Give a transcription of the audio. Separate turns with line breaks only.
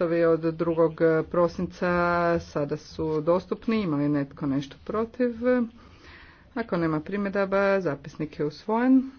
tekstovi od 2. prosinca sada su dostupni. Ima li netko nešto protiv? Ako nema primjedaba, zapisnik je usvojen.